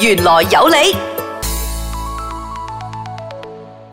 玄來有理。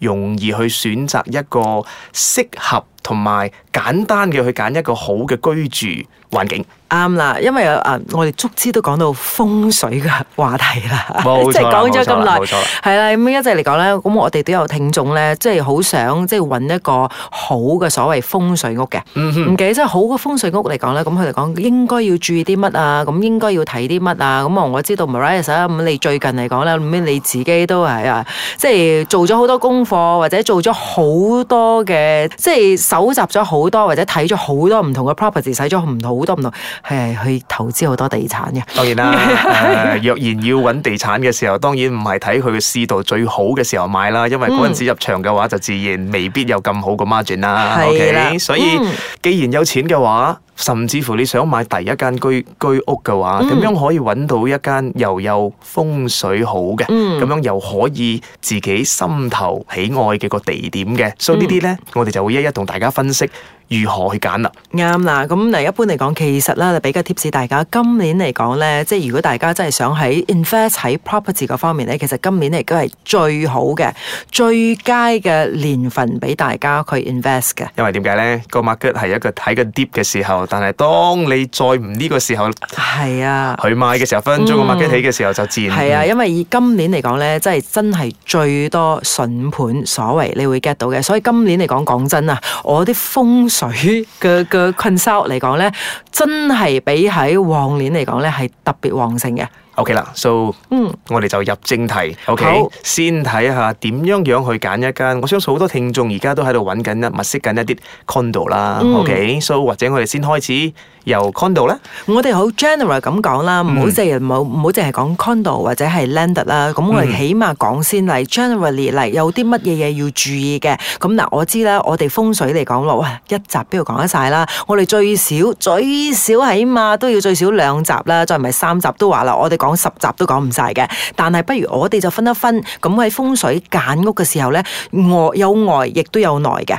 容易去選擇一個適合同埋，簡單嘅去揀一個好嘅居住環境，啱啦、嗯，因為啊，我哋足之都講到風水嘅話題啦，即係講咗咁耐，冇錯，係啦，咁、嗯、一直嚟講咧，咁我哋都有聽眾咧，即係好想即係揾一個好嘅所謂風水屋嘅，嗯哼，咁即係好嘅風水屋嚟講咧，咁佢嚟講應該要注意啲乜啊？咁應該要睇啲乜啊？咁啊，我知道 Marius 啊，咁你最近嚟講咧，咁你自己都係啊，即係做咗好多功課，或者做咗好多嘅，即係搜集咗好。好多或者睇咗好多唔同嘅 property，使咗唔好多唔同，誒去投資好多地產嘅。當然啦、 呃，若然要揾地產嘅時候，當然唔係睇佢嘅市道最好嘅時候買啦，因為嗰陣時入場嘅話，就自然未必有咁好嘅 margin 啦。OK，所以、嗯、既然有錢嘅話。甚至乎你想買第一間居居屋嘅話，咁樣可以揾到一間又有風水好嘅，咁、嗯、樣又可以自己心頭喜愛嘅個地點嘅，所以呢啲呢，我哋就會一一同大家分析。如何去揀啦？啱啦，咁嗱，一般嚟講，其實咧，俾個 tips 大家。今年嚟講咧，即係如果大家真係想喺 invest 喺 property 嗰方面咧，其實今年咧都係最好嘅、最佳嘅年份俾大家佢 invest 嘅。因為點解咧？個 market 係一個睇個 dip 嘅時候，但係當你再唔呢個時候，係啊，去買嘅時候，分分鐘個 market 起嘅時候就自然係啊。因為以今年嚟講咧，即係真係最多筍盤所，所謂你會 get 到嘅。所以今年嚟講，講真啊，我啲風水嘅嘅困收嚟講咧，真係比喺往年嚟講咧，係特別旺盛嘅。O K 啦，so，嗯，我哋就入正題，OK，好先睇下點樣樣去揀一間。我相信好多聽眾而家都喺度揾緊物色緊一啲 condo 啦。嗯、okay，so 或者我哋先開始由 condo 咧。我哋好 general 咁講啦，唔好淨係冇，唔好淨係講 condo 或者係 landed 啦。咁我哋起碼講先嚟 generally 嚟有啲乜嘢嘢要注意嘅。咁嗱，我知啦，我哋風水嚟講咯，哇，一集都要講得晒啦。我哋最少最少起碼都要最少兩集啦，再唔係三集都話啦。我哋講。講十集都講唔晒嘅，但係不如我哋就分一分，咁喺風水揀屋嘅時候呢，外有外，亦都有內嘅。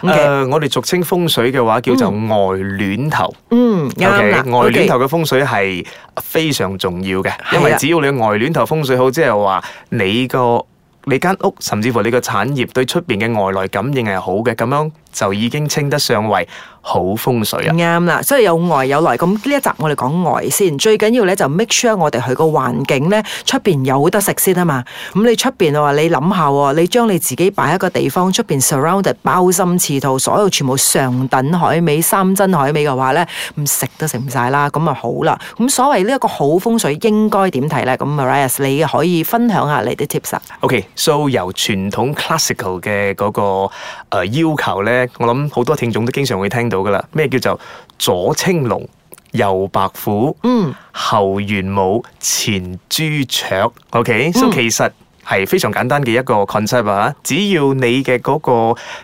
誒，我哋俗稱風水嘅話叫做外巒頭，嗯啱啦，外巒頭嘅風水係非常重要嘅，因為只要你嘅外巒頭風水好，即係話你個你間屋，甚至乎你個產業對出邊嘅外來感應係好嘅，咁樣，就已經稱得上為好風水啦。啱啦，所以有外有內。咁呢一集我哋講外先，最緊要咧就 make sure 我哋去個環境咧，出邊有得食先啊嘛。咁你出邊嘅話你諗下喎，你將你自己擺喺個地方，出邊 surrounded 鮑參翅肚，所有全部上等海味、三珍海味嘅話咧，咁食都食唔晒啦。咁啊好啦，咁所謂呢一個好風水應該點睇咧？咁 Marius 你可以分享下你啲 tips 啊。OK，so 由傳統 classical 嘅嗰個誒要求咧。我諗好多聽眾都經常會聽到噶啦，咩叫做左青龍，右白虎，嗯，後玄武，前朱雀，OK，所以、嗯 so, 其實。係非常簡單嘅一個 concept 啊！只要你嘅嗰個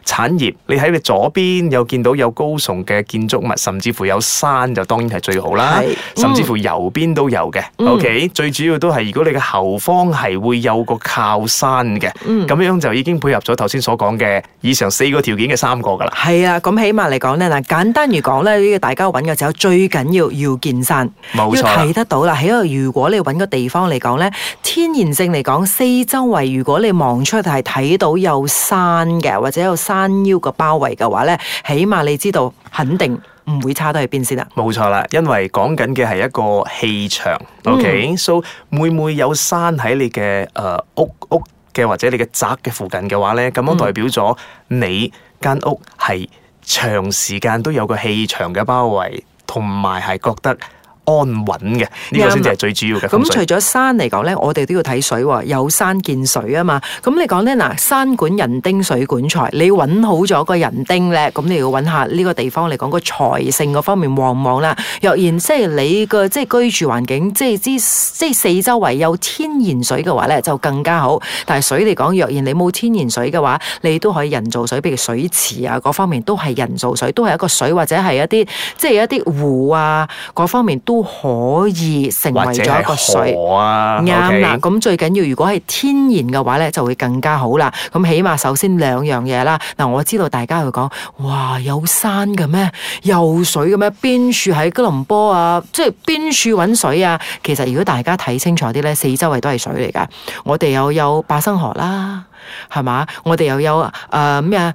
產業，你喺你左邊有見到有高聳嘅建築物，甚至乎有山就當然係最好啦。是甚至乎右邊都有嘅。OK，最主要都係如果你嘅後方係會有個靠山嘅，咁、嗯、樣就已經配合咗頭先所講嘅以上四個條件嘅三個㗎啦。係啊，咁起碼嚟講呢，嗱，簡單嚟講咧，呢個大家揾嘅時候最緊要要見山，冇錯睇得到啦。因為如果你揾個地方嚟講呢，天然性嚟講周圍如果你望出去睇到有山嘅，或者有山腰嘅包圍嘅話咧，起碼你知道肯定唔會差到去邊先啦。冇錯啦，因為講緊嘅係一個氣場，OK，So，會唔會有山喺你嘅誒、呃、屋屋嘅或者你嘅宅嘅附近嘅話咧，咁樣代表咗你間屋係長時間都有個氣場嘅包圍，同埋係覺得。安穩嘅呢個先係最主要嘅。咁、嗯嗯、除咗山嚟講咧，我哋都要睇水喎、啊，有山見水啊嘛。咁、嗯、你講咧嗱，山管人丁，水管財。你揾好咗個人丁咧，咁、嗯、你要揾下呢個地方嚟講個財性嗰方面旺唔旺啦。若然即係你個即係居住環境，即係之即係四周圍有天然水嘅話咧，就更加好。但係水嚟講，若然你冇天然水嘅話，你都可以人造水，譬如水池啊，各方面都係人造水，都係一個水或者係一啲即係一啲湖啊，各方面都。可以成為咗一個水，啱啦、啊。咁了 Okay. 最緊要如果係天然嘅話咧，就會更加好啦。咁起碼首先兩樣嘢啦。嗱，我知道大家會講，哇，有山嘅咩，有水嘅咩？邊處喺吉隆坡啊？即係邊處搵水啊？其實如果大家睇清楚啲咧，四周圍都係水嚟噶。我哋又有巴生河啦。係嘛？我哋又有誒咩、呃、啊？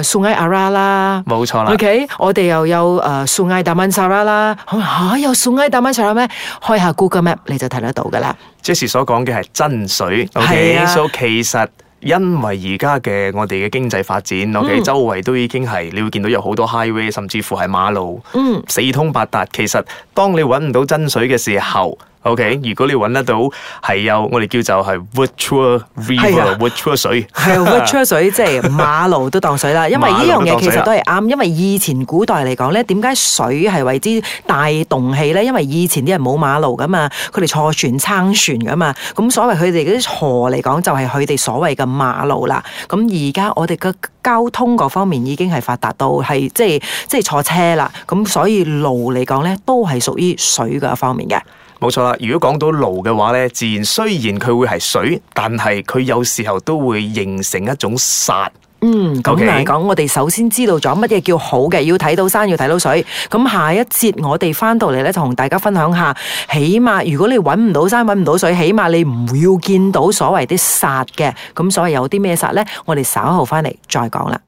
誒，素埃阿拉啦，冇錯啦。O、okay? K，我哋又有誒素埃達曼沙拉啦。吓、啊，有素埃達曼沙拉咩？開下 Google Map 你就睇得到噶啦。Jessie 所講嘅係真水。OK，所以、啊 so, 其實因為而家嘅我哋嘅經濟發展，O、okay? K，、嗯、周圍都已經係你會見到有好多 highway，甚至乎係馬路，嗯，四通八達。其實當你搵唔到真水嘅時候。OK，如果你揾得到係有，我哋叫做係 Virtual River，Virtual、啊、水，係、 啊、Virtual 水，即係馬路都當水啦。因為呢樣嘢其實都係啱，因為以前古代嚟講咧，點解水係為之大動氣咧？因為以前啲人冇馬路噶嘛，佢哋坐船撐船噶嘛。咁所謂佢哋嗰啲河嚟講，就係佢哋所謂嘅馬路啦。咁而家我哋嘅交通嗰方面已經係發達到係即係即係坐車啦。咁所以路嚟講咧，都係屬於水嘅一方面嘅。冇錯啦，如果講到爐嘅話咧，自然雖然佢會係水，但係佢有時候都會形成一種煞。嗯，咁嚟講我哋首先知道咗乜嘢叫好嘅，要睇到山，要睇到水。咁下一節我哋翻到嚟咧，同大家分享下，起碼如果你揾唔到山，揾唔到水，起碼你唔要見到所謂啲煞嘅。咁所謂有啲咩煞呢？我哋稍後翻嚟再講啦。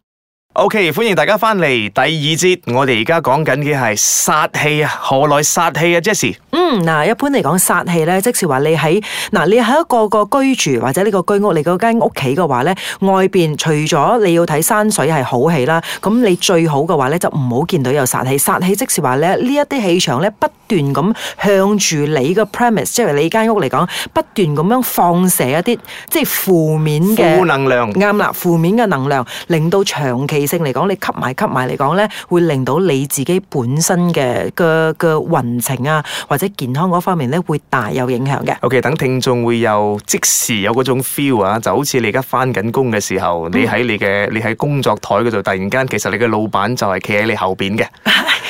OK，歡迎大家翻嚟第二節。我哋而家講緊嘅係煞氣啊，何來煞氣啊？Jessie，嗯，嗱，一般嚟講，煞氣咧，即係話你喺嗱，你喺一個個居住或者呢個居屋，你嗰間屋企嘅話咧，外邊除咗你要睇山水係好氣啦，咁你最好嘅話咧就唔好見到有煞氣。煞氣即係話咧，呢一啲氣場咧不斷咁向住你個 premise，即係你間屋嚟講，不斷咁樣放射一啲即係負面嘅能量。啱啦，負面嘅能量令到長期。性嚟講，你吸埋吸埋嚟講咧，會令到你自己本身嘅嘅嘅運程啊，或者健康嗰方面咧，會大有影響嘅。OK，等聽眾會有即時有嗰種 feel 啊，就好似你而家翻緊工嘅時候，你喺你嘅你喺工作台嗰度，突然間其實你嘅老闆就係企喺你後邊嘅。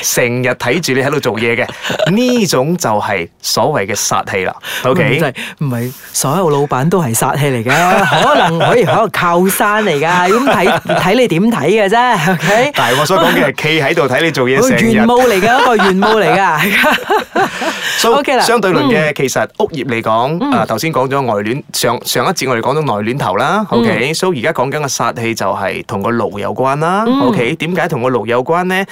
成日睇住你喺度做嘢，嘅呢種就係所謂嘅殺氣啦。O K，唔係，唔係所有老闆都係殺氣嚟嘅， 可能可以喺個靠山嚟噶，咁睇睇你點睇嘅啫。O、okay? K，但係我所講嘅係企喺度睇你做嘢成日。 原一個玄武嚟噶，個玄武嚟噶。O K 啦，相對論嘅、嗯、其實屋業嚟講，嗯、啊頭先講咗外戀，上上一節我哋講咗內戀頭啦。O、okay? K，、嗯、所以而家講緊個殺氣就係同個爐有關啦。O K，點解同個爐有關呢？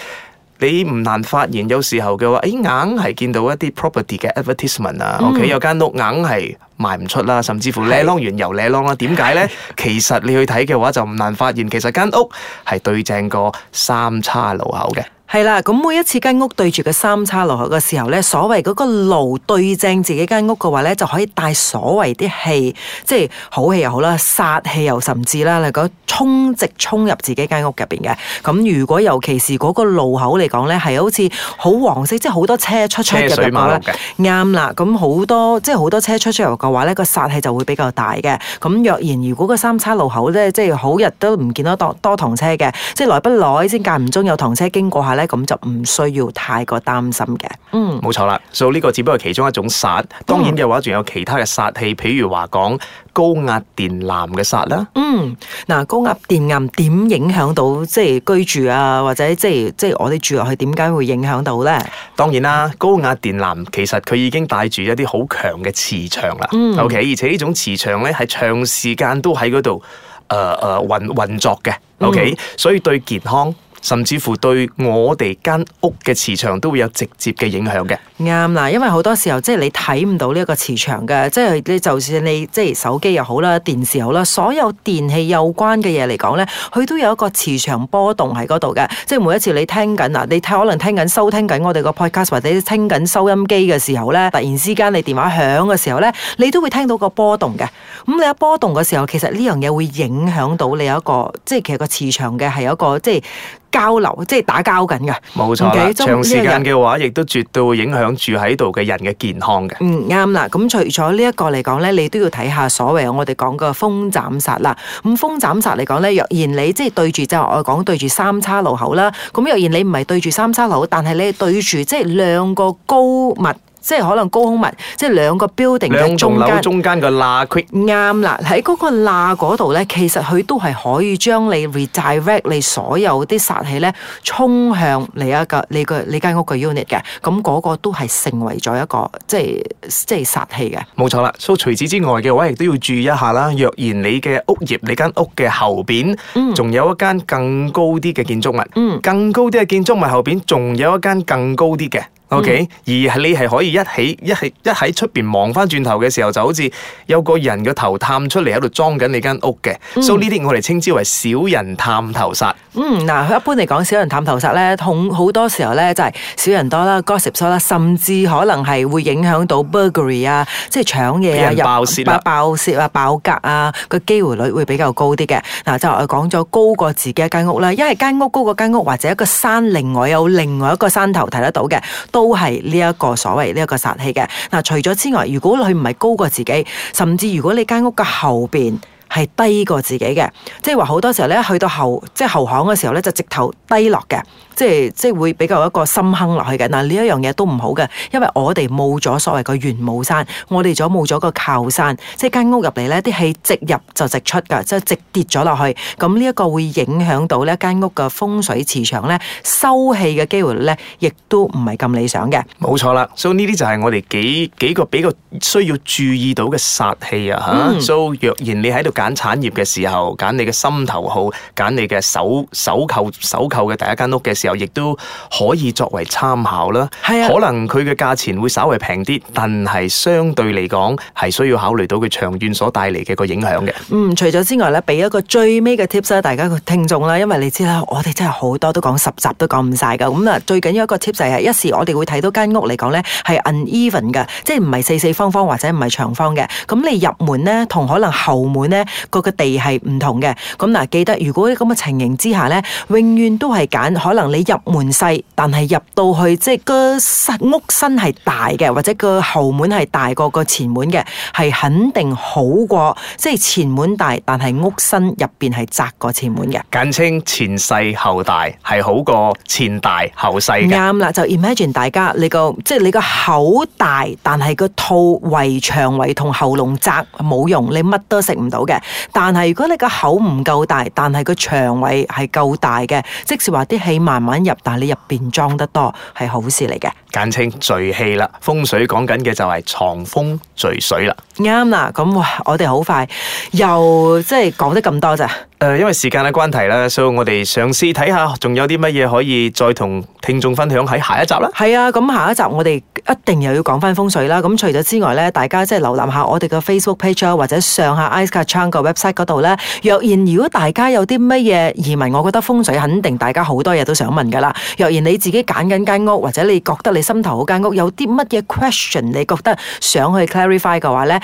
你唔難發現，有時候嘅話，誒硬係見到一啲 property 嘅 advertisement 啊、okay? 嗯，屋企有間屋硬係賣唔出啦，甚至乎咧，晾完又晾啦，點解咧？其實你去睇嘅話，就唔難發現，其實間屋係對正過三叉路口嘅。係啦，咁每一次間屋對住個三叉路口嘅時候咧，所謂嗰個路對正自己間屋嘅話咧，就可以帶所謂啲氣，即係好氣又好啦，煞氣又甚至啦嚟講衝，直衝入自己間屋入邊嘅。咁如果尤其是嗰個路口嚟講咧，係好似好黃色，即係好多車出出入入，啱啦。咁好多即係好多車出出入入嘅話咧，個煞氣就會比較大嘅。咁若然如果個三叉路口咧，即係好日都唔見到多多趟車嘅，即係來不來先間唔中有趟車經過下。咁就唔需要太過擔心嘅，嗯。嗯，冇錯啦，所以呢個只不過其中一種殺，當然嘅話仲有其他嘅殺氣，譬如話講高壓電纜嘅殺啦。嗯，嗱，高壓電纜點影響到即係居住啊，或者即係即係我哋住落去點解會影響到咧？當然啦，高壓電纜其實佢已經帶住一啲好強嘅磁場啦。嗯，OK，而且呢種磁場咧係長時間都喺嗰度誒誒運運作嘅。OK，嗯、所以對健康。甚至乎對我哋間屋嘅磁場都會有直接嘅影響嘅。啱啦，因為好多時候即係你睇唔到呢一個磁場嘅，即係你就算你即係手機又好啦、電視又好啦，所有電器有關嘅嘢嚟講咧，佢都有一個磁場波動喺嗰度嘅。即係每一次你聽緊啊，你可能聽緊收聽緊我哋個 podcast 或者聽緊收音機嘅時候咧，突然之間你電話響嘅時候咧，你都會聽到個波動嘅。咁你有波動嘅時候，其實呢樣嘢會影響到你有一個，即係其實個磁場嘅係有一個即係交流，即係打交緊嘅。冇錯啦，okay? 長時間嘅話，亦都絕對會影響。住喺度嘅人嘅健康嘅，嗯，啱啦。咁除咗呢一個嚟講咧，你都要睇下所謂我哋講個風斬殺啦。咁、嗯、風斬殺嚟講咧，若然你即係對住，就係、是、我講對住三叉路口啦。咁若然你唔係對住三叉路口，但係你，你對住即係兩個高物，即係可能高空物，即係兩個 building 中間，兩棟樓中間個罅啱啦。喺嗰個罅嗰度咧，其實佢都係可以將你 redirect 你所有啲殺氣咧，衝向你一個你個你間屋嘅 unit 嘅。咁、那、嗰個都係成為咗一個即係即係殺氣嘅。冇錯啦。所以除此之外嘅話，亦都要注意一下啦。若然你嘅屋業、你間屋嘅後邊，仲、嗯、有一間更高啲嘅建築物，嗯，更高啲嘅建築物後邊，仲有一間更高啲嘅。OK，而係你係可以一起一係一喺出邊望翻轉頭嘅時候，就好似有個人個頭探出嚟喺度裝緊你間屋嘅，所以呢啲我哋稱之為小人探頭殺。嗯，嗱，佢一般嚟講，小人探頭殺咧，好好多時候咧就係小人多啦，gossip 啦，甚至可能係會影響到 burglary 啊，即係搶嘢啊，入爆竊啊，爆竊啊，爆格啊，個機會率會比較高啲嘅。嗱，就係我講咗高過自己一間屋啦，因為間屋高過間屋，或者一個山，另外有另外一個山頭睇得到嘅，到。都係呢一個所謂呢一個煞氣嘅。除咗之外，如果你唔係高過自己，甚至如果你間屋嘅後邊。係低過自己嘅，即係話好多時候咧，去到後即係後巷嘅時候咧，就直頭低落嘅，即係即係會比較一個深坑落去嘅。嗱，呢一樣嘢都唔好嘅，因為我哋冇咗所謂嘅玄武山，我哋咗冇咗個靠山，即係間屋入嚟咧啲氣直入就直出噶，即係直跌咗落去。咁呢一個會影響到呢間屋嘅風水磁場咧收氣嘅機會咧，亦都唔係咁理想嘅。冇錯啦，所以呢啲就係我哋幾幾個比較需要注意到嘅煞氣啊吓。嗯、so, 若然你喺度揀產業嘅時候，揀你嘅心頭好，揀你嘅首首購首購嘅第一間屋嘅時候，亦都可以作為參考啦。係啊，可能佢嘅價錢會稍微平啲，但係相對嚟講係需要考慮到佢長遠所帶嚟嘅個影響嘅。嗯，除咗之外咧，俾一個最尾嘅 tips 大家個聽眾啦，因為你知啦，我哋真係好多都講十集都講唔晒噶。咁啊，最緊要一個 tips 係一時我哋會睇到間屋嚟講咧，係 uneven 嘅，即係唔係四四方方或者唔係長方嘅。咁你入門咧，同可能後門咧。個個地係唔同嘅，咁嗱，記得如果咁嘅情形之下呢，永遠都係揀可能你入門細，但係入到去即係個室屋身係大嘅，或者個後門係大過個前門嘅，係肯定好過即係前門大，但係屋身入邊係窄過前門嘅。簡稱前細後大係好過前大後細。啱啦，就 imagine 大家你個即係你個口大，但係個肚胃腸胃同喉嚨窄，冇用，你乜都食唔到嘅。但係如果你個口唔夠大，但係個腸胃係夠大嘅，即使話啲氣慢慢入，但係你入邊裝得多係好事嚟嘅，簡稱聚氣啦。風水講緊嘅就係藏風聚水啦。啱啦，咁我哋好快又即係講得咁多咋？因為時間嘅關係啦，所以我哋嘗試睇下仲有啲乜嘢可以再同聽眾分享喺下一集啦。係啊，咁下一集我哋一定又要講返風水啦。咁除咗之外呢，大家即係瀏覽下我哋嘅 Facebook page 啊，或者上下 i s c a Chan 個 website 嗰度呢。若然如果大家有啲乜嘢疑問，我覺得風水肯定大家好多嘢都想問噶啦。若然你自己揀緊間屋，或者你覺得你心頭嗰間屋有啲乜嘢 question，你覺得想去 clarify 嘅話呢。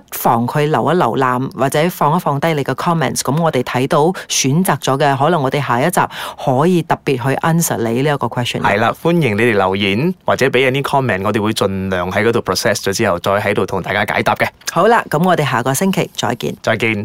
不妨去瀏一瀏覽，或者放一放低你嘅 comments。咁我哋睇到選擇咗嘅，可能我哋下一集可以特別去 answer 你呢一個 question。係啦，歡迎你哋留言或者畀一啲 comment，我哋會盡量喺嗰度 process 咗之後再喺度同大家解答嘅。好啦，咁我哋下個星期再見。再見。